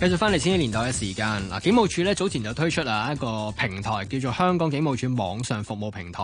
繼續翻嚟千禧年代嘅時間，嗱，警務處咧早前就推出啦一個平台，叫做香港警務處網上服務平台。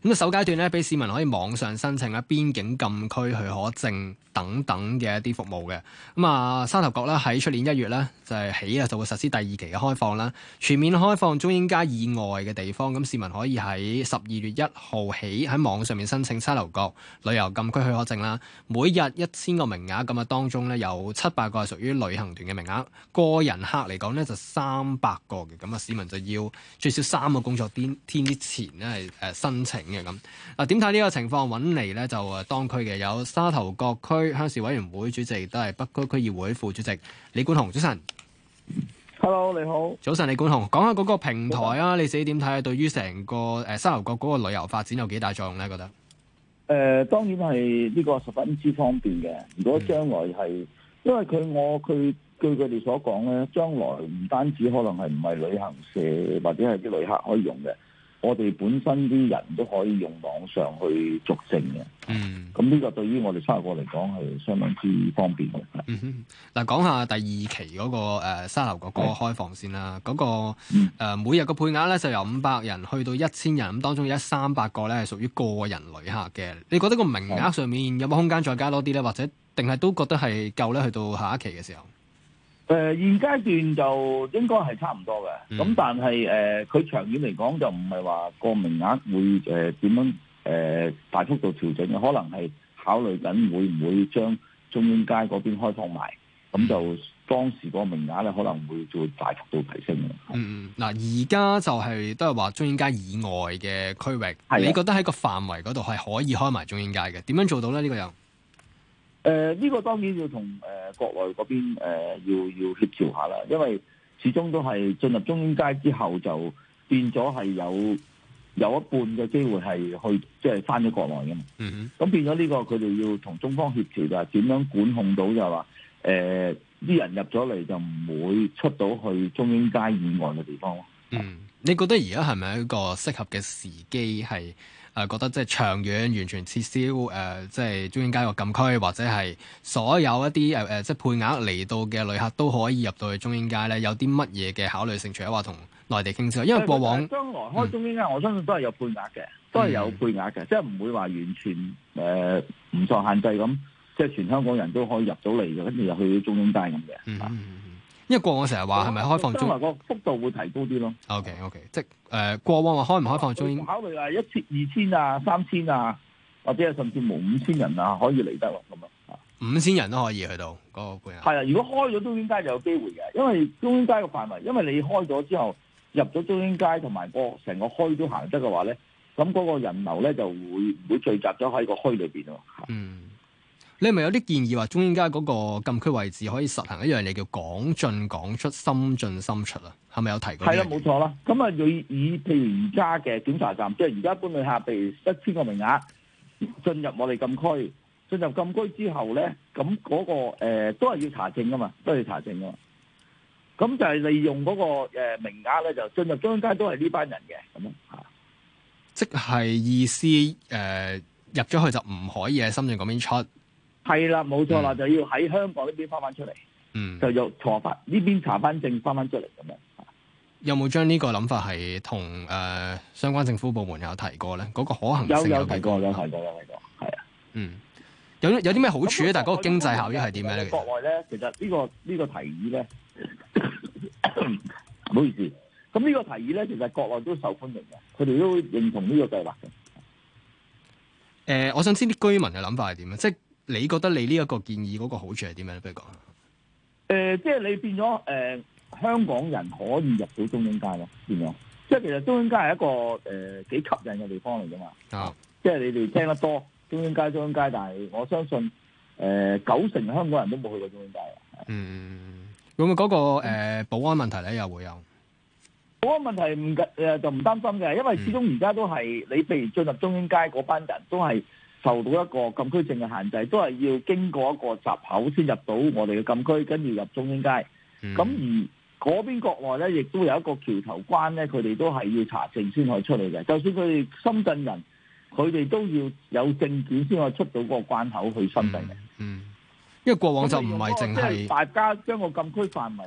咁啊，首階段咧，俾市民可以網上申請啦，邊境禁區許可證等等嘅一啲服務嘅。咁啊，沙頭角啦，喺出年一月咧就係起啊，就會實施第二期嘅開放啦，全面開放中英街以外嘅地方。咁市民可以喺十二月一號起喺網上面申請沙頭角旅遊禁區許可證啦，每日一千個名額咁啊，當中咧有七百個係屬於旅行團嘅名額。個人客嚟講呢，就三百個嘅，咁啊，市民就要最少三個工作天天之前呢係誒、呃、申請嘅咁。啊，點睇呢個情況揾嚟呢就啊，當區嘅有沙頭角區鄉事委員會主席，都係北區區議會副主席李冠洪。早晨，Hello，你好。早晨，李冠洪，講下嗰個平台啊、嗯，你自己點睇啊？對於成個誒、呃、沙頭角嗰個旅遊發展有幾大作用呢？覺得誒，當然係呢個十分之方便嘅。如果將來係、嗯、因為佢我佢。據佢哋所講咧，將來唔單止可能係唔係旅行社或者係啲旅客可以用嘅，我哋本身啲人都可以用網上去續證嘅。嗯，咁呢個對於我哋沙頭角嚟講係相當之方便嘅。嗱、嗯，講下第二期嗰、嗰個、呃、沙頭角嗰個開放先啦。嗰、嗰個、呃、每日個配額咧就由五百人去到一千人，咁當中有一三百個咧係屬於個人旅客嘅。你覺得個名額上面有冇空間再加多啲咧？或者定係都覺得係夠咧？去到下一期嘅時候。誒現階段就應該係差唔多嘅，咁、嗯、但係誒佢長遠嚟講就唔係話個名額會誒點、呃、樣誒、呃、大幅度調整嘅，可能係考慮緊會唔會將中英街嗰邊開放埋，咁、嗯、就當時個名額咧可能會再大幅度提升。嗯，嗱而家就係、是、都係話中英街以外嘅區域，你覺得喺個範圍嗰度係可以開埋中英街嘅？點樣做到咧？呢、這個又？誒、呃、呢、這個當然要同誒、呃、國內嗰邊、呃、要要協調下啦，因為始終都係進入中英街之後就變咗係有有一半嘅機會係去即係返咗國內㗎嘛。嗯哼，咁變咗呢個佢哋要同中方協調就係點樣管控到就係話誒啲人入咗嚟就唔會出到去中英街以外嘅地方咯。嗯，你覺得而家係咪一個適合嘅時機係？誒、呃、覺得即係長遠完全撤銷誒，即係中英街個禁區，或者係所有一啲、呃、即係配額嚟到嘅旅客都可以入到去中英街咧，有啲乜嘢嘅考慮性？除咗話同內地傾銷，因為過往將來開中英街，嗯、我相信都係有配額嘅，都係有配額嘅、嗯，即係唔會話完全誒唔受限制咁，即係全香港人都可以入到嚟嘅，跟住又去到中英街咁嘅。嗯嗯。因為過往成日話係咪開放中？範圍、嗰個幅度會提高啲咯。OK OK，即係誒過往話開唔開放中？考慮話一千、二千啊、三千啊，或者係甚至冇五千人啊可以嚟得喎咁啊。五千人都可以去到嗰、嗰個觀音。係啊，如果開咗中英街就有機會嘅，因為中英街個範圍，因為你開咗之後入咗中英街同埋個成個區都行得嘅話咧，咁嗰個人流咧就會會聚集咗喺個區裏邊咯。嗯。你係咪有啲建議話中英街嗰個禁區位置可以實行一樣嘢叫港進港出、深進深出啊？係咪有提過？係啦，冇錯啦。咁啊，以以譬如而家嘅檢查站，即係而家搬旅下譬如一千個名額進入我哋禁區，進入禁區之後咧，咁嗰、嗰個誒、呃、都係要查證噶嘛，都係要查證噶嘛。咁就係利用嗰個誒名額咧，就進入中英街都係呢班人嘅咁吓。即係意思誒，入、呃、咗去就唔可以喺深圳嗰邊出。係啦，冇錯啦，就要喺香港呢邊翻翻出嚟，嗯，就要坐翻呢邊查翻證翻翻出嚟咁樣。有冇將呢個諗法係同誒相關政府部門有提過咧？嗰、那個可行性有提過有，有提過有提過。係啊，嗯，有有啲咩好處咧？但係嗰個經濟效益係點樣咧？國內咧，其實呢、這個呢、這個提議咧，唔 好意思，咁呢個提議咧，其實國內都受歡迎嘅，佢哋都認同呢個計劃嘅。誒、呃，我想知啲居民嘅諗法係點樣啊？即係。你覺得你呢一個建議嗰個好處係點樣咧？不如講，誒，即係你變咗，誒、呃，香港人可以入到中英街咯，變咗。即係其實中英街係一個誒幾、呃、吸引嘅地方嚟噶嘛，啊、哦，即係你哋聽得多中英街、中英街，但係我相信，誒、呃，九成的香港人都冇去過中英街啊。嗯，會唔會嗰、那個誒、呃、保安問題咧、嗯？又會有保安問題唔誒、呃、就唔擔心嘅，因為始終而家都係、嗯、你，譬如進入中英街嗰班人都係。受到一個禁區證嘅限制，都係要經過一個閘口先入到我哋嘅禁區，跟住入中英街。咁、嗯、而嗰邊國內咧，亦都有一個橋頭關咧，佢哋都係要查證先可以出嚟嘅。就算佢哋深圳人，佢哋都要有證件先可以出到個關口去深圳嘅、嗯。嗯，因為過往就唔係淨係大家將個禁區範圍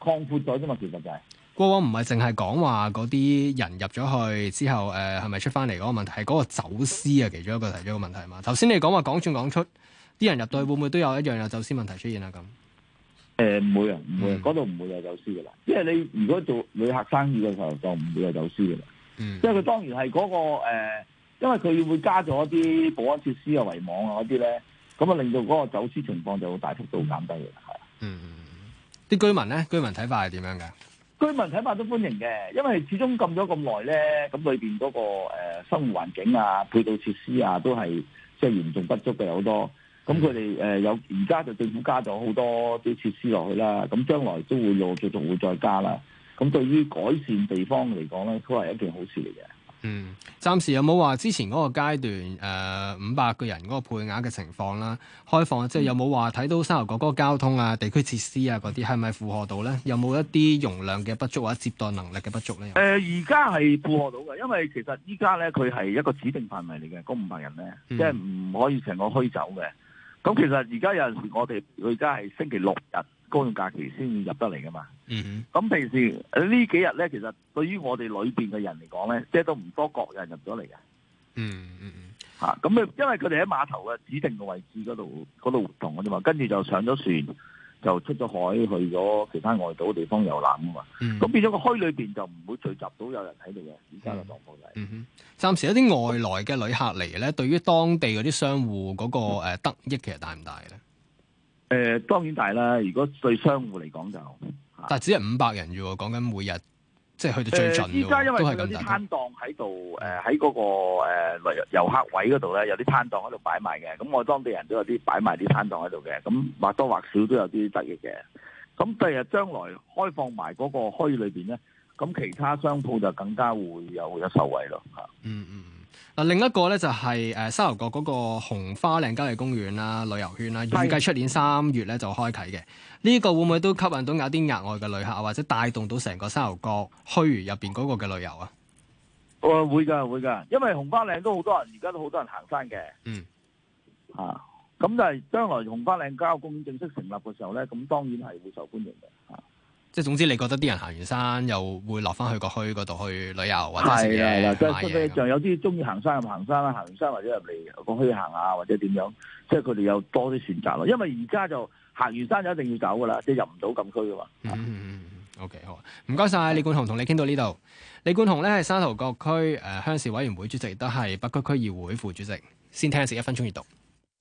擴闊咗啫嘛，其實就係。過往唔係淨係講話嗰啲人入咗去之後，誒係咪出翻嚟嗰個問題，係嗰個走私啊，其中一個提出一個問題嘛。頭先你講話講進講出，啲人入到去會唔會都有一樣有走私問題出現啊？咁誒唔會啊，唔會呀，嗰度唔會有走私噶啦。因為你如果做旅客生意嘅時候，就唔會有走私噶啦。即係佢當然係嗰個誒，因為佢，那個呃，會加咗啲保安設施啊、圍網啊嗰啲咧，咁啊，令到嗰個走私情況就會大幅度減低嘅。係嗯，啲居民咧，居民睇法係點樣嘅？居民睇法都歡迎嘅，因為始終禁咗咁耐咧，咁裏邊嗰個誒生活環境啊、配套設施啊，都係即係嚴重不足嘅好多。咁佢哋誒有而家就政府加咗好多啲設施落去啦，咁將來都會再繼續會再加啦。咁對於改善地方嚟講咧，都係一件好事嚟嘅。嗯，暫時有冇話之前嗰個階段誒五百個人嗰個配額嘅情況啦？開放、嗯、即係有冇話睇到沙頭角嗰個交通啊、地區設施啊嗰啲係咪負荷到咧？有冇一啲容量嘅不足或者接待能力嘅不足咧？誒、呃，而家係負荷到嘅，因為其實依家咧佢係一個指定範圍嚟嘅，嗰五百人咧、嗯、即係唔可以成個墟走嘅。咁其實而家有陣時我哋佢而家係星期六日。公眾假期先入得嚟噶嘛？咁平時呢幾日咧，其實對於我哋裏邊嘅人嚟講咧，即係都唔多覺有人入咗嚟嘅。嗯嗯嗯，嚇咁佢因為佢哋喺碼頭嘅指定嘅位置嗰度嗰度活動嘅啫嘛，跟住就上咗船，就出咗海去咗其他外島地方遊覽啊嘛。嗯，咁變咗個墟裏邊就唔會聚集到有人喺度嘅。而家嘅狀況就係，嗯哼，暫時一啲外來嘅旅客嚟咧，對於當地嗰啲商戶嗰個誒得益其實大唔大咧？誒、呃，當然大啦！如果對商戶嚟講就，但係只係五百人啫喎，講緊每日，即係去到最盡，呃、都係咁大。依家因為有啲攤檔喺度，誒，喺嗰個誒遊客位嗰度咧，有啲攤檔喺度擺埋嘅。咁我當地人都有啲擺埋啲攤檔喺度嘅。咁或多或少都有啲得益嘅。咁第日將來開放埋嗰個區裏邊咧，咁其他商鋪就更加會有有受惠咯。吓，嗯嗯。嗱，另一個咧就係誒沙頭角嗰個紅花嶺郊野公園啦，旅遊圈啦，預計出年三月咧就開啓嘅。呢、這個會唔會都吸引到有啲額外嘅旅客，或者帶動到成個沙頭角墟如入邊嗰個嘅旅遊啊？誒，會噶，會噶，因為紅花嶺都好多人，而家都好多人行山嘅。嗯。嚇、啊，咁但係將來紅花嶺郊野公園正式成立嘅時候咧，咁當然係會受歡迎嘅嚇。即係總之，你覺得啲人行完山又會落翻去個墟嗰度去旅遊或者食嘢、買嘢。就有啲中意行山行山啦，行完山或者入嚟個墟行下或者點樣，即係佢哋有多啲選擇咯。因為而家就行完山就一定要走噶啦，即係入唔到禁區噶嘛。嗯、o、okay, K，好，唔該晒，李冠洪是，同你傾到呢度。李冠洪咧係沙頭角區誒鄉事委員會主席，亦都係北區區議會副主席。先聽一節一分鐘閱讀。